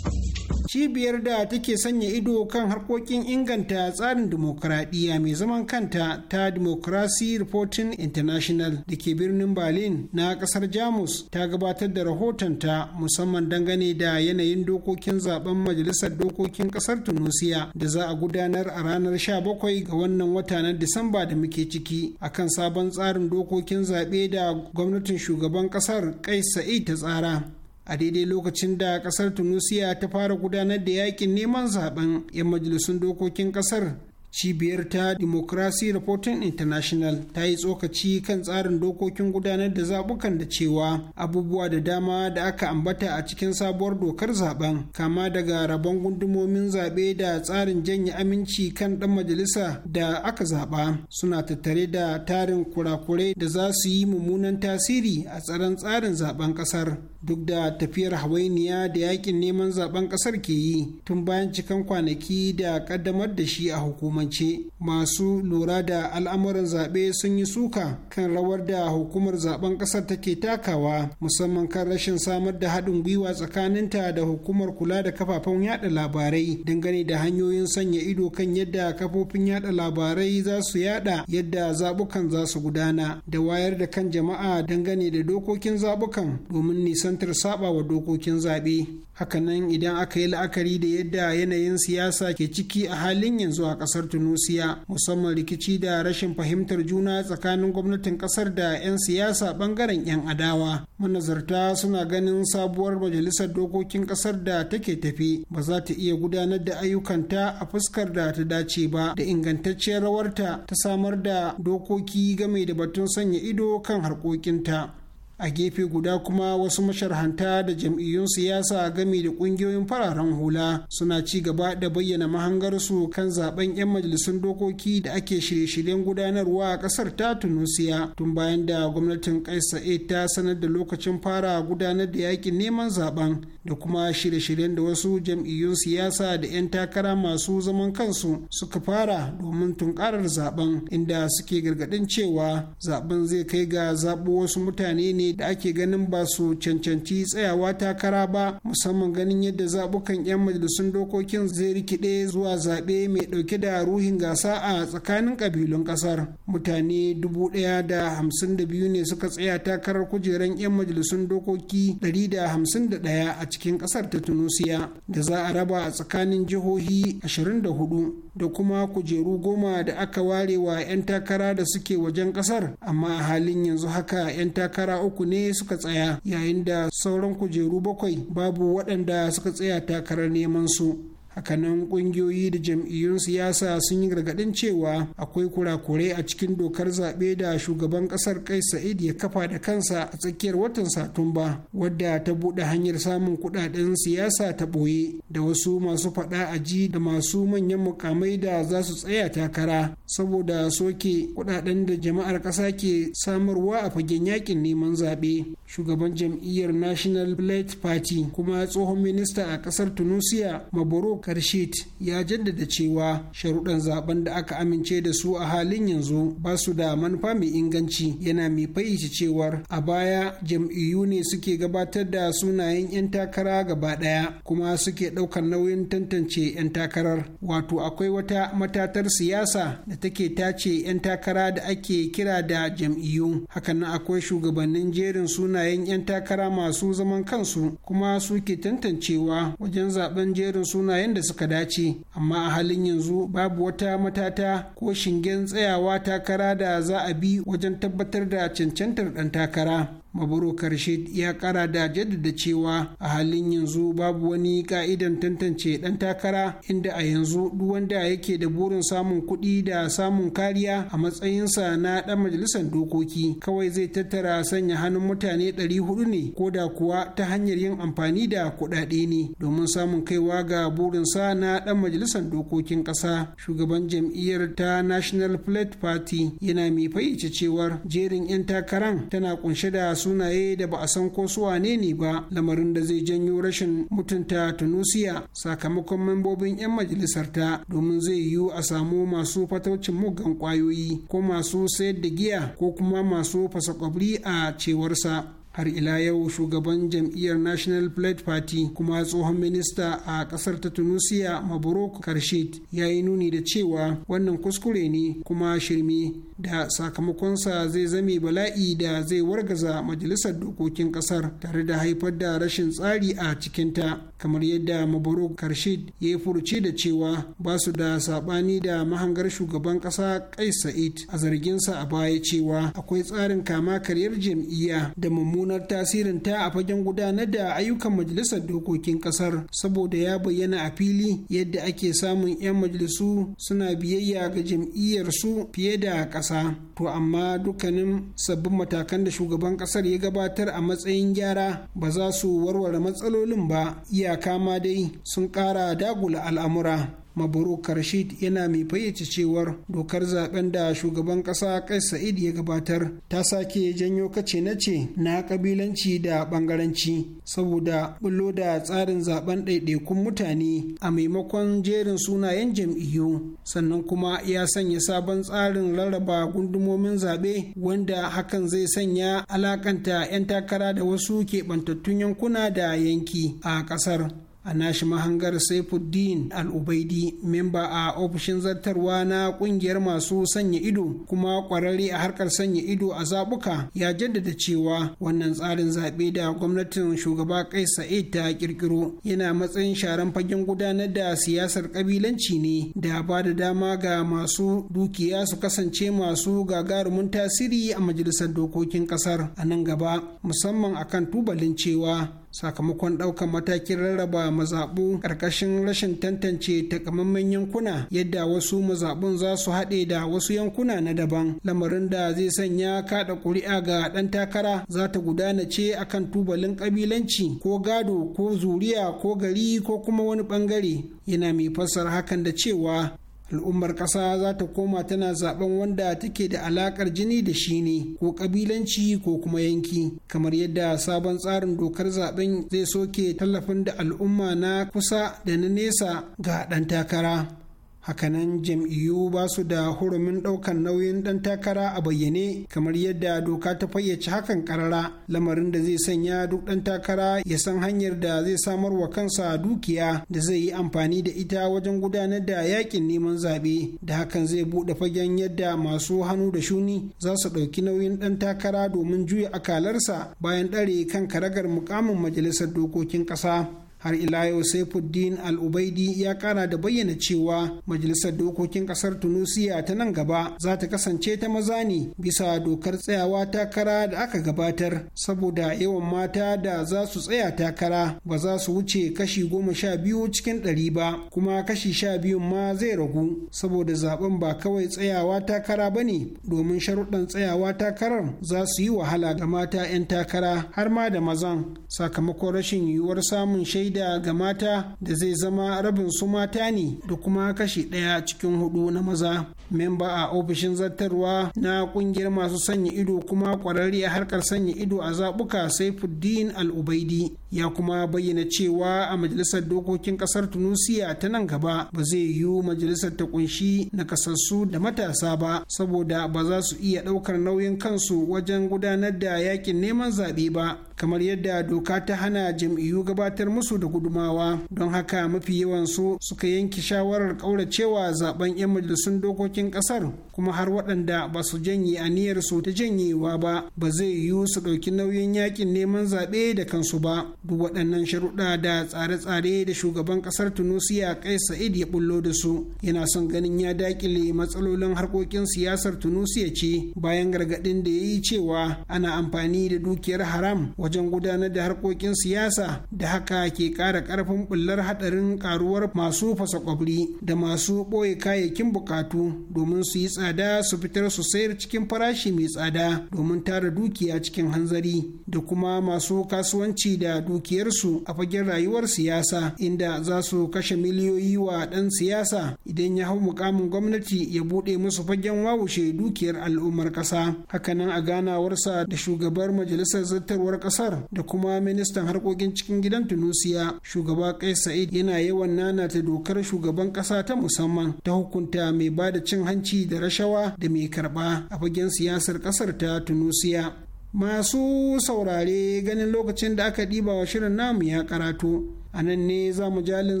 cibiyar da take sanya ido kan harkokin inganta tsarin dimokuraɗiyya mai zaman kanta ta democracy reporting international da ke birnin berlin na ƙasar jamus ta gabatar da rahotonta musamman dangane da yanayin dokokin zaben majalisar dokokin ƙasar tunisia da za a gudanar a ranar 17 ga wannan wata na disamba da muke ciki akan sabon tsarin dokokin zaɓe da gwamnatin shugaban ƙasar kai sa'id ta tsara a daidai lokacin da kasar tunisia ta fara gudanar da yakin neman zaben 'yan majalisun dokokin kasar cibiyar ta democracy reporting international ta yi tsokaci kan tsarin dokokin gudanar da zabukan da cewa abubuwa da dama da aka ambata a cikin sabuwar dokar zaben kama daga rabon gundumomin zaɓe da tsarin janye aminci kan ɗan majalisa da aka zaɓa suna tattare da tarin kurakurai da za su yi mummunan tasiri a tsaron tsarin zaben ƙasar duk da tafiyar hawainiya da yakin neman zaben ƙasar ke yi tun bayan cikan kwanaki da ƙaddamar da shi a hukuma. hukumance masu lura da al'amuran zaɓe sun yi suka kan rawar da hukumar zaben ƙasar take takawa musamman kan rashin samar da haɗin gwiwa tsakaninta da hukumar kula da kafafen yada labarai dangane da hanyoyin sanya ido kan yadda kafofin yada labarai za su yada yadda zaɓukan za su gudana da wayar da kan jama'a dangane da dokokin zaɓukan domin nisantar saɓawa dokokin zaɓe. hakanan idan aka yi la'akari da yadda yanayin siyasa ke ciki a halin yanzu a kasar tunusiya musamman rikici da rashin fahimtar juna tsakanin gwamnatin kasar da 'yan siyasa bangaren 'yan adawa manazarta suna ganin sabuwar majalisar dokokin kasar da take tafi ba za ta iya gudanar da ayyukanta a fuskar da ta dace ba da ingantacciyar rawarta ta samar da dokoki game da batun sanya ido kan harkokinta a gefe guda kuma wasu masharhanta da jam'iyyun siyasa game da kungiyoyin fararen hula suna ci gaba da bayyana mahangarsu kan zaben 'yan majalisun dokoki da ake shirye-shiryen gudanarwa a kasar ta tunusiya tun bayan da gwamnatin kais sa'id ta sanar da lokacin fara gudanar da yakin neman zaben da kuma shirye-shiryen da wasu jam'iyyun siyasa da 'yan takara masu zaman kansu suka fara domin tunkarar zaben inda suke gargadin cewa zaben zai kai ga zaɓo wasu mutane ne da ake ganin ba su cancanci tsayawa takara ba musamman ganin yadda zabukan 'yan majalisun dokokin zai rikide zuwa zaɓe mai ɗauke da ruhin gasa a tsakanin ƙabilun ƙasar mutane dubu ɗaya da hamsin da biyu ne suka tsaya takarar kujeran 'yan majalisun dokoki ɗari da hamsin da ɗaya a cikin ƙasar ta tunusiya da za a raba a tsakanin jihohi ashirin da hudu da kuma kujeru goma da aka ware wa 'yan takara da suke wajen ƙasar amma a halin yanzu haka 'yan takara uku uku ne suka tsaya yayin da sauran kujeru bakwai babu waɗanda suka tsaya takarar neman su hakanan kungiyoyi da jam'iyyun siyasa sun yi gargadin cewa akwai kurakurai a cikin dokar zaɓe da shugaban ƙasar kai sa'id ya kafa da kansa a tsakiyar watan satumba wadda ta buɗe hanyar samun kuɗaɗen siyasa ta ɓoye da wasu masu faɗa a ji da masu manyan mukamai da za su tsaya takara saboda soke kuɗaɗen da jama'ar ƙasa ke samarwa a fagen yakin neman zaɓe shugaban jam'iyyar national plate party kuma tsohon minista a kasar tunisia maboro karshit ya jaddada cewa sharuɗan zaben da aka amince da su a halin yanzu ba su da manufa mai inganci yana mai fayyace cewar a baya jam'iyyu ne suke gabatar da sunayen 'yan takara gaba ɗaya kuma suke ɗaukar nauyin tantance 'yan takarar wato akwai wata matatar siyasa da take tace 'yan takara da ake kira da jam'iyyu hakanan akwai shugabannin jerin sunayen sunayen 'yan takara masu zaman kansu kuma su ke tantancewa wajen zaben jerin sunayen da suka dace amma a halin yanzu babu wata matata ko shingen tsayawa takara da za a bi wajen tabbatar da cancantar ɗan takara maburu karshe ya kara da jaddada cewa a halin yanzu babu wani ka'idan tantance dan takara inda a yanzu duk wanda yake da burin samun kuɗi da samun kariya a matsayinsa na dan majalisar dokoki kawai zai tattara sanya hannun mutane 400 ne ko da kuwa ta hanyar yin amfani da kuɗaɗe ne domin samun kaiwa ga burinsa na dan majalisar dokokin ƙasa shugaban jam'iyyar ta national plate party yana mai fayyace cewar jerin 'yan takaran tana kunshe da sunaye da ba a san ko su wane ne ba lamarin da zai janyo rashin mutunta tunusiya sakamakon membobin 'yan majalisar ta domin zai yiwu a samu masu fataucin muggan kwayoyi ko masu sayar da giya ko kuma masu fasakwabri a cewarsa har ila yau shugaban jam'iyyar national plate party kuma tsohon minista a kasar ta tunisia mabruk karshid ya yi nuni da cewa wannan kuskure ne kuma shirme da sakamakonsa zai zame bala'i da zai wargaza majalisar dokokin kasar tare da haifar da rashin tsari a cikinta kamar yadda mabruk karshid ya yi furuce da cewa ba su da sabani da mahangar shugaban ƙasa kais sa'id a zarginsa a baya cewa akwai tsarin kama karyar jam'iyya da mummu mummunar tasirin ta a fagen gudanar da ayyukan majalisar dokokin kasar saboda ya bayyana a fili yadda ake samun 'yan majalisu suna biyayya ga jam'iyyarsu fiye da ƙasa to amma dukkanin sabbin matakan da shugaban kasar ya gabatar a matsayin gyara ba za su warware matsalolin ba iyaka ma dai sun ƙara dagula al'amura mabruk rashid yana mai fayyace cewar dokar zaben da shugaban kasa kai sa'id ya gabatar ta sake janyo kace na ce na kabilanci da bangaranci saboda bullo da tsarin zaben ɗaiɗaikun mutane a maimakon jerin sunayen jam'iyyu sannan kuma ya sanya sabon tsarin rarraba gundumomin zaɓe wanda hakan zai sanya alakanta 'yan takara da wasu keɓantattun yankuna da yanki a ƙasar a nashi mahangar saifuddin al'ubaidi memba a ofishin zartarwa na kungiyar masu sanya ido kuma kwararre a harkar sanya ido a zabuka ya jaddada cewa wannan tsarin zaɓe da gwamnatin shugaba kai sa'id ta kirkiro yana matsayin sharan fagen gudanar da siyasar kabilanci ne da ba da dama ga masu dukiya su kasance masu gagarumin tasiri a majalisar dokokin kasar a nan gaba musamman akan tubalin cewa sakamakon ɗaukar matakin rarraba mazaɓu ƙarƙashin rashin tantance takamaiman yankuna yadda wasu mazaɓun za su haɗe da wasu yankuna na daban lamarin da zai sanya kaɗa ƙuri'a ga ɗan takara za ta gudana ce akan tubalin ƙabilanci ko gado ko zuriya ko gari ko kuma wani ɓangare yana mai fassara hakan da cewa al'ummar ƙasa za ta koma tana zaben wanda take da alaƙar jini da shi ne ko ƙabilanci ko kuma yanki kamar yadda sabon tsarin dokar zaben zai soke tallafin da al'umma na kusa da na nesa ga ɗan takara hakanan jam'iyyu ba su da hurumin ɗaukar nauyin ɗan takara a bayyane kamar yadda doka ta fayyace hakan karara lamarin da zai sanya duk ɗan takara ya san hanyar da zai samar wa kansa dukiya da zai yi amfani da ita wajen gudanar da yakin neman zaɓe da hakan zai buɗe fagen yadda masu hannu da shuni za su ɗauki nauyin ɗan takara domin juya akalarsa bayan ɗare kan karagar mukamin majalisar dokokin ƙasa har ila yau saifuddin al-ubaidi ya kara da bayyana cewa majalisar dokokin kasar tunisia ta nan gaba za ta kasance ta maza ne bisa dokar tsayawa takara da aka gabatar saboda yawan mata da za su tsaya takara ba za su wuce kashi goma sha biyu cikin ɗari ba kuma kashi sha biyu ma zai ragu saboda zaben ba kawai tsayawa takara ba ne domin sharuɗan tsayawa takarar za su yi wahala ga mata 'yan takara har ma da mazan sakamakon rashin yiwuwar samun shaida shida ga mata da zai zama rabin su mata ne da kuma kashi ɗaya cikin hudu na maza memba a ofishin zartarwa na kungiyar masu sanya ido kuma kwararre a harkar sanya ido a zaɓuka saifuddin al'ubaidi ya kuma bayyana cewa a majalisar dokokin kasar tunisia ta nan gaba ba zai yiwu majalisar ta kunshi nakasassu da matasa ba saboda ba za su iya ɗaukar nauyin kansu wajen gudanar da yakin neman zaɓe ba kamar yadda doka ta hana jam'iyyu gabatar musu da gudumawa don haka mafi yawan su suka yanke shawarar ƙauracewa zaben 'yan majalisun dokokin kasar kuma har waɗanda ba su janye aniyar su ta janyewa ba ba zai yiwu su ɗauki nauyin yakin neman zaɓe da kansu ba duk waɗannan sharuɗa da tsare-tsare da shugaban ƙasar tunisia kai sa'id ya bullo da su yana son ganin ya daƙile matsalolin harkokin siyasar tunusiya ce bayan gargaɗin da ya yi cewa ana amfani da dukiyar haram wajen gudanar da harkokin siyasa da haka ke ƙara ƙarfin bullar haɗarin ƙaruwar masu fasa kwabri da masu ɓoye kayayyakin buƙatu domin su yi tsada su fitar su sayar cikin farashi mai tsada domin tara dukiya cikin hanzari da kuma masu kasuwanci da dukiyarsu a fagen rayuwar siyasa inda za su kashe miliyoyi wa ɗan siyasa idan ya hau mukamin gwamnati ya buɗe musu fagen wawushe dukiyar al'ummar ƙasa hakanan a ganawarsa da shugabar majalisar zartarwar ƙasar da kuma ministan harkokin cikin gidan tunusiya shugaba kai sa'id yana yawan nanata dokar shugaban ƙasa ta musamman ta hukunta mai ba da cin hanci da rashawa da mai karɓa a fagen siyasar ƙasar ta tunusiya masu saurare ganin lokacin da aka ɗiba wa shirin namu ya karatu a nan ne za mu jalin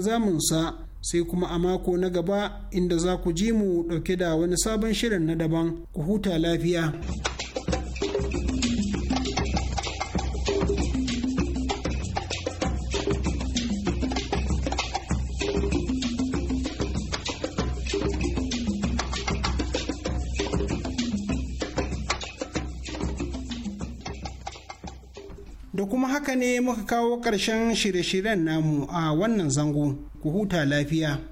zamunsa sai kuma a mako na gaba inda za ku ji mu ɗauke da wani sabon shirin na daban ku huta lafiya. haka ne muka kawo ƙarshen shirye-shiryen namu a wannan zango ku huta lafiya